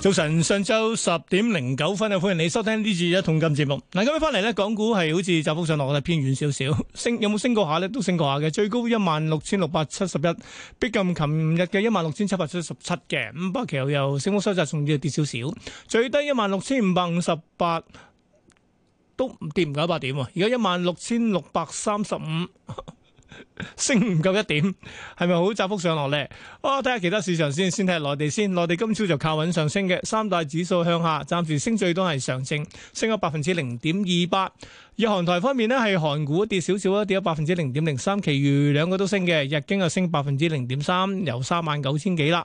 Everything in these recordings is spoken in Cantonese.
早晨，上晝十點零九分啊，歡迎你收聽呢次一統金節目。嗱，今日翻嚟咧，港股係好似窄幅上落嘅，偏軟少少，升有冇升過下咧？都升過下嘅，最高一萬六千六百七十一，逼近琴日嘅一萬六千七百七十七嘅。五百奇又升幅收窄，仲要跌少少，最低一萬六千五百五十八，都跌唔夠一百點啊！而家一萬六千六百三十五。 升唔夠一點，係咪好窄幅上落呢？我睇下其他市場先，先睇下內地先。內地今朝就靠穩上升嘅，三大指數向下，暫時升最多係上證，升咗百分之零點二八。而韓台方面呢，係韓股跌少少啦，跌咗百分之零點零三，其餘兩個都升嘅，日經又升百分之零點三，由三萬九千幾啦。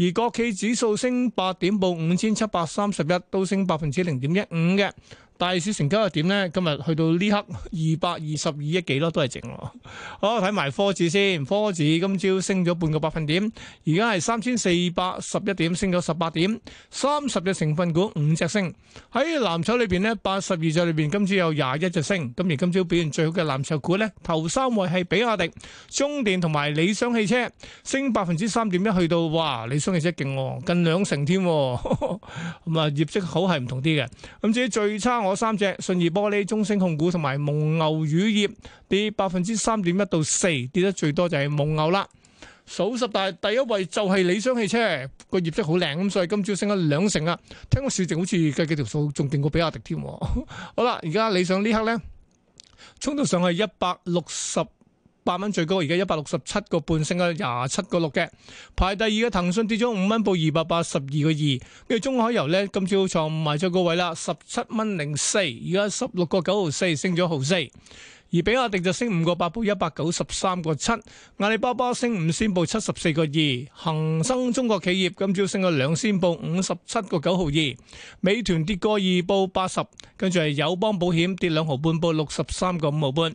而國企指數升八點，報五千七百三十一，都升百分之零點一五嘅。大市成交又點呢？今日去到呢刻二百二十二億幾咯，都係整咯。好睇埋科指先，科指今朝升咗半個百分點，而家係三千四百十一點，升咗十八點。三十隻成分股五隻升，喺藍籌裏邊呢，八十二隻裏邊今朝有廿一隻升。今日今朝表現最好嘅藍籌股呢，頭三位係比亞迪、中電同埋理想汽車，升百分之三點一，去到哇！理想汽車勁喎，近兩成添，咁啊業績好係唔同啲嘅。咁至於最差，三隻信義玻璃、中升控股同埋蒙牛乳業跌百分之三點一到四，4，跌得最多就係蒙牛啦。數十大第一位就係理想汽車，個業績好靚咁，所以今朝升咗兩成啊！聽個市值好似計幾條數，仲勁過比亞迪添、啊。好啦，而家理想呢刻呢，衝到上去一百六十八蚊最高，而家一百六十七個半，升咗廿七個六嘅。排第二嘅騰訊跌咗五蚊，報二百八十二個二。跟住中海油呢，今朝坐埋咗個位啦，十七蚊零四，而家十六個九毫四，升咗毫四。而比亞迪就升五個八，報一百九十三個七。阿里巴巴升五仙，報七十四個二。恒生中國企業今朝升咗兩仙，報五十七個九毫二。美團跌過二，報八十。跟住係友邦保險跌兩毫，毫半，報六十三個五毫半。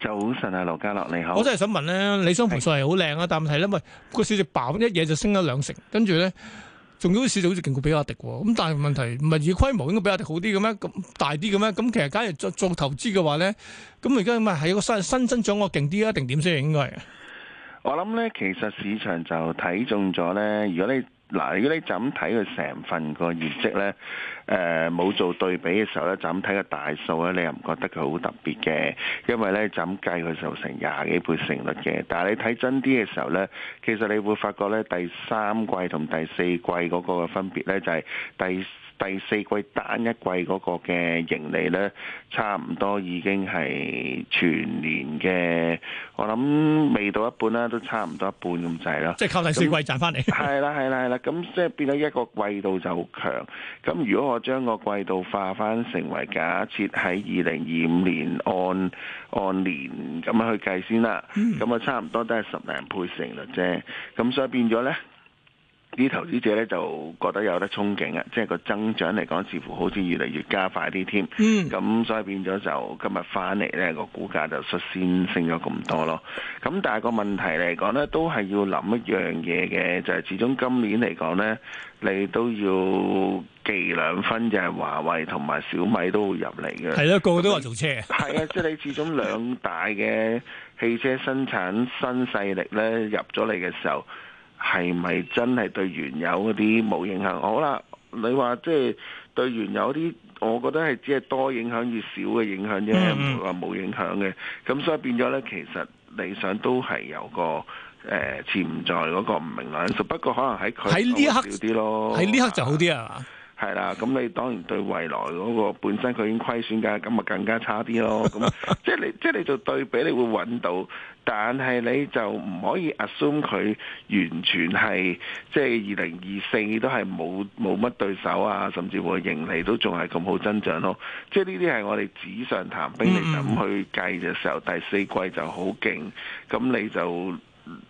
早晨啊，羅家樂你好。我真係想問咧，理想盤數係好靚啊，是但係咧喂，個市值爆一嘢就升咗兩成，跟住咧仲要市值好似勁過比亞迪喎。咁但係問題唔係以規模應該比亞迪好啲咁咩？咁大啲咁咩？咁其實假如作做投資嘅話咧，咁而家咪係個新新增長我勁啲啊？定點先應該？我諗咧，其實市場就睇中咗咧。如果你嗱，如果你就咁睇佢成份個業績咧。誒冇、呃、做對比嘅時候呢，就咁睇個大數呢，你又唔覺得佢好特別嘅。因為呢就咁計佢就成廿幾倍成率嘅，但係你睇真啲嘅時候呢，其實你會發覺呢第三季同第四季嗰個分別呢，就係第第四季單一季嗰個嘅盈利呢差唔多已經係全年嘅。我諗未到一半啦，都差唔多一半咁滯啦。即係靠第四季賺翻嚟。係啦係啦係啦，咁即係變咗一個季度就好強。咁如果我將個季度化翻成為假設，喺二零二五年按按年咁樣去計先啦，咁啊差唔多都係十零倍成率啫，咁所以變咗咧。啲投資者咧就覺得有得憧憬啊，即係個增長嚟講，似乎好似越嚟越加快啲添。嗯，咁所以變咗就今日翻嚟咧個股價就率先升咗咁多咯。咁但係個問題嚟講咧，都係要諗一樣嘢嘅，就係、是、始終今年嚟講咧，你都要記兩分，就係、是、華為同埋小米都會入嚟嘅。係咯、嗯，就個個都話做車。係 啊，即、就、係、是、你始終兩大嘅汽車生產新勢力咧入咗嚟嘅時候。係咪真係對原有嗰啲冇影響？好啦，你話即係對原有啲，我覺得係、就是、只係多影響與少嘅影響啫，冇話冇影響嘅。咁所以變咗咧，其實理想都係有個誒潛、呃、在嗰個唔明朗因素。不過可能喺佢喺呢一刻少啲咯，喺呢一刻就好啲啊。係啦，咁你當然對未來嗰個本身佢已經虧損嘅，咁咪更加差啲咯。咁即係你即係你做對比，你會揾到，但係你就唔可以 assume 佢完全係即係二零二四都係冇冇乜對手啊，甚至乎盈利都仲係咁好增長咯。即係呢啲係我哋紙上談兵嚟咁去計嘅時候，第四季就好勁，咁你就。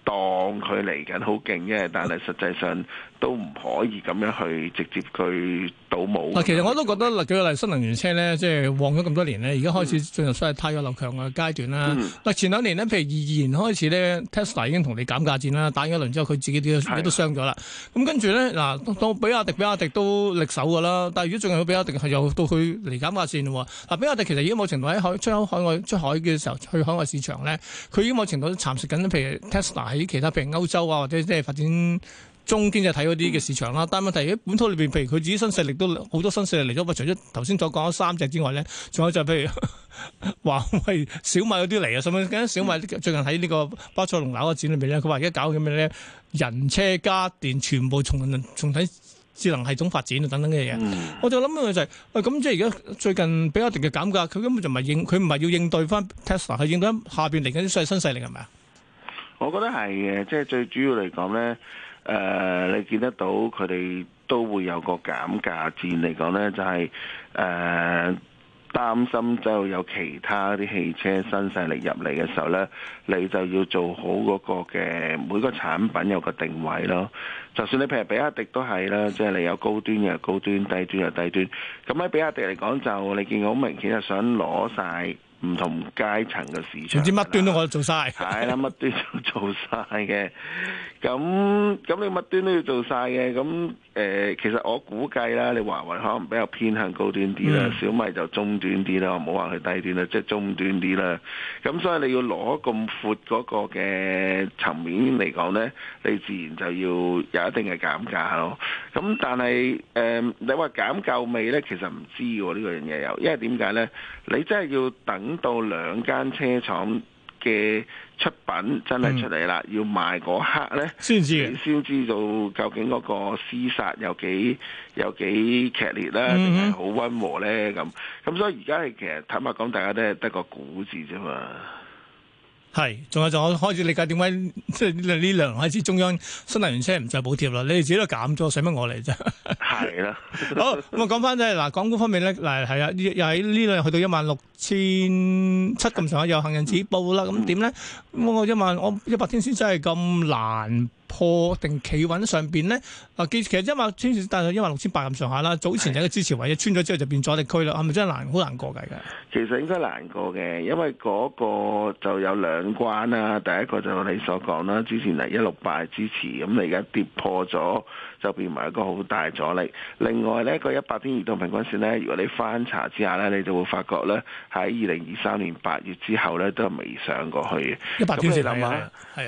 當佢嚟緊好勁嘅，但係實際上都唔可以咁樣去直接去倒冇。其實我都覺得嗱，舉例，新能源車咧，即係旺咗咁多年呢，而家開始進入所謂汰弱留強嘅階段啦。嗱、嗯，但前兩年咧，譬如二二年開始呢，Tesla 已經同你減價戰啦，打完一輪之後佢自己啲嘢都傷咗啦。咁跟住呢，嗱，到比亞迪，比亞迪都力守㗎啦。但係如果最近比亞迪係又到佢嚟減價戰喎。比亞迪其實已經冇程度喺出海外出海嘅時候去海外市場呢，佢已經冇程度蠶食緊，譬如，譬如喺其他譬如歐洲啊，或者即係發展中經濟體嗰啲嘅市場啦、啊。但係問題喺本土裏邊，譬如佢自己新勢力都好多新勢力嚟咗。唔係除咗頭先所講咗三隻之外咧，仲有就係譬如華為、小米嗰啲嚟啊。甚至緊小米最近喺呢、這個巴塞隆拿個展裏邊咧，佢話而家搞緊咩咧？人車家電全部從從體智能系統發展等等嘅嘢。我就諗嘅就係喂，咁即係而家最近比亞迪嘅減價，佢根本就唔係應，佢唔係要應對翻 Tesla，係應對下邊嚟緊啲新新勢力係咪啊？我覺得係嘅，即係最主要嚟講呢，誒、呃，你見得到佢哋都會有個減價戰嚟講呢，就係、是、誒、呃、擔心就有其他啲汽車新勢力入嚟嘅時候呢，你就要做好嗰個嘅每個產品有個定位咯。就算你譬如比亞迪都係啦，即係你有高端嘅高端，低端嘅低端。咁喺比亞迪嚟講，就你見好明顯係想攞晒。唔同階層嘅市場，唔知乜端都可以做曬，係啦，乜端都做曬嘅。咁咁你乜端都要做曬嘅。咁誒，其實我估計啦，你華為可能比較偏向高端啲啦，小米就中端啲啦。我唔好話佢低端啦，即係中端啲啦。咁所以你要攞咁闊嗰個嘅層面嚟講咧，你自然就要有一定嘅減價咯。咁但係誒，你話減夠未咧？其實唔知喎，呢個樣嘢，有因為點解咧？你真係要等。等到兩間車廠嘅出品真係出嚟啦，嗯、要賣嗰刻咧，先知先知道究竟嗰個廝殺有幾有幾劇烈啦，啊，定係好温和咧？咁咁，所以而家係其實坦白講，大家都係得個估字啫嘛。係，仲有就我開始理解點解即係呢兩開始中央新能源車唔再補貼啦？你哋自己都減咗，使乜我嚟啫？ 啦， 好咁啊！講翻即係嗱，港股方面咧，嗱係啊，又喺呢度去到一萬六千七咁上下，有行人指報啦。咁點咧？咁我一萬我一百天線先真係咁難破，定企穩上邊咧？嗱，其實一萬千但係一萬六千八咁上下啦。早前有一個支持位，一穿咗之後就變咗阻力區啦，係咪真係難好難過噶？過其實應該難過嘅，因為嗰個就有兩關啦。第一個就係我哋所講啦，之前係一六八支持，咁你而家跌破咗，就變埋一個好大阻力。另外呢個一百天移動平均線呢，如果你翻查之下呢，你就會發覺呢，喺二零二三年八月之後呢，都未上過去。一百天線啊嘛，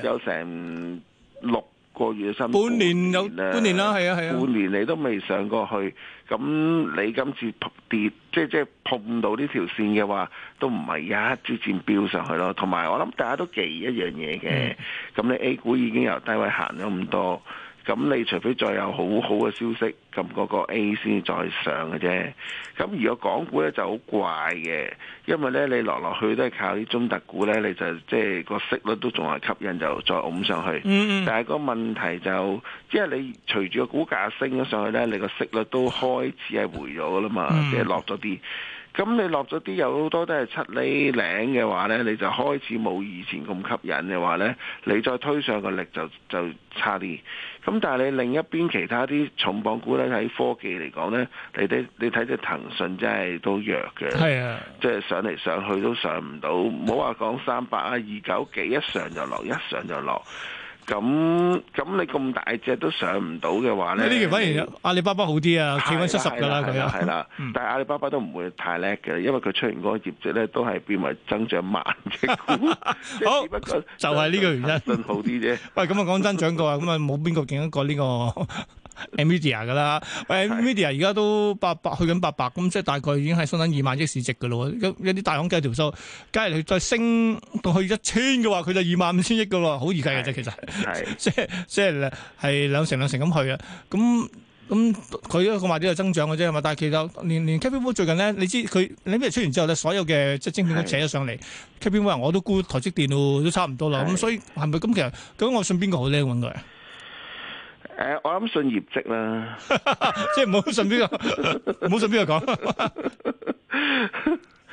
有成六個月嘅辛苦，半年有半年啦，係啊係啊，啊半年你都未上過去。咁你今次跌，即係即係碰到呢條線嘅話，都唔係一隻箭標上去咯。同埋我諗大家都記一樣嘢嘅，咁、嗯、你 A 股已經由低位行咗咁多。咁你除非再有好好嘅消息，咁嗰個 A 先再上嘅啫。咁如果港股咧就好怪嘅，因為咧你落落去都係靠啲中特股咧，你就即係、就是、個息率都仲係吸引，就再㧬上去。Mm hmm. 但係個問題就，即、就、係、是、你隨住個股價升咗上去咧，你個息率都開始係回咗㗎啦嘛，即係落咗啲。Hmm. 咁你落咗啲有好多都係七厘零嘅話呢，你就開始冇以前咁吸引嘅話呢，你再推上個力就就差啲。咁但係你另一邊其他啲重磅股呢，喺科技嚟講呢，你睇你睇隻騰訊真係都弱嘅，係啊的，即係上嚟上去都上唔到，唔好話講三百啊二九幾，一上就落一上就落。咁咁你咁大隻都上唔到嘅話咧，呢樣反而阿里巴巴好啲啊，的企穩七十㗎啦，係啦， 但係阿里巴巴都唔會太叻嘅，因為佢出現嗰個業績咧都係變為增長慢嘅股， 好，不過就係呢個原因，信好啲啫。 喂，咁啊講真，長個啊，咁啊冇邊個勁得過呢個？ Media 噶啦，Media 而家都八百去緊八百，咁即係大概已經係相當二萬億市值噶咯。一一啲大行計條數，假如佢再升到去一千嘅話，佢就二萬五千億噶咯，好易計嘅啫。其實即係即係係兩成兩成咁去啊。咁咁佢一個賣點係增長嘅啫嘛。但係其實連連 Capco 最近咧，你知佢呢啲出完之後咧，所有嘅即係芯片都扯咗上嚟。Capco 的我都估台積電都都差唔多啦。咁的所以係咪咁其實究竟我信邊個好呢揾佢？誒，我諗信業績啦，即係唔好信邊個，唔好信邊個講。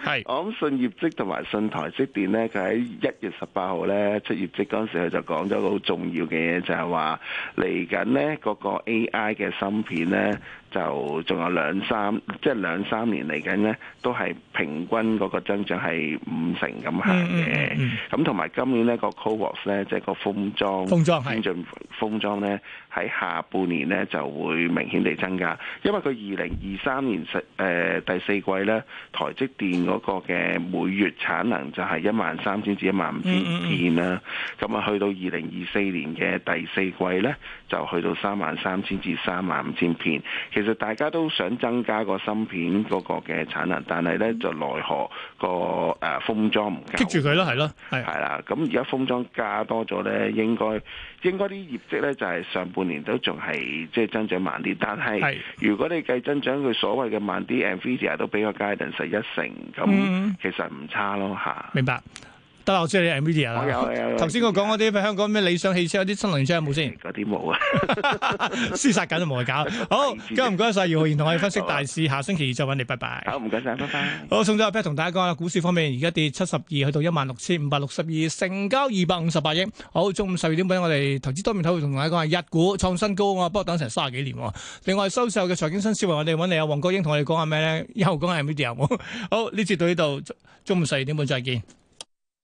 係，是我諗信業績同埋信台積電咧，佢喺一月十八號咧出業績嗰陣時，佢就講咗個好重要嘅嘢，就係話嚟緊咧嗰個 AI 嘅芯片咧，就仲有兩三，即係兩三年嚟緊咧，都係平均嗰個增長係五成咁行嘅。咁同埋今年咧，嗰個 CoWoS 咧，即係個封裝，封裝係先進封裝咧，喺下半年咧就會明顯地增加，因為佢二零二三年十誒，呃、第四季咧，台積電。嗰個嘅每月產能就係一萬三千至一萬五千片啦、啊，咁啊、嗯嗯嗯、去到二零二四年嘅第四季呢，就去到三萬三千至三萬五千片。其實大家都想增加個芯片嗰個嘅產能，但係呢，就奈何、那個誒、啊、封裝唔夠。棘住佢咯，係咯，係啦。咁而家封裝加多咗呢、嗯，應該應該啲業績呢，就係、是、上半年都仲係即係增長慢啲，但係的如果你計增長，佢所謂嘅慢啲，Nvidia 都俾個 guidance 十一成。咁、嗯、其實唔差咯吓，明白。得啦，我知你係媒體人啦。有有。頭先我講嗰啲，譬如香港咩理想汽車、啲新能源車有冇先？嗰啲冇啊，廝殺緊都冇去搞。好， 今日唔該晒姚浩然同我哋分析大市， 下星期二再揾你，拜拜。好，唔該晒，拜拜。好，送咗阿 p 同大家講下，股市方面而家跌七十二，去到一萬六千五百六十二，成交二百五十八億。好，中午十二點半我哋投資多面睇會同大家講下日股創新高，我不過等成卅幾年。另外收市後嘅財經新思維，我哋揾你阿黃國英同我哋講下咩咧？又講係媒體人冇。好，呢節到呢度，中午十二點半再見。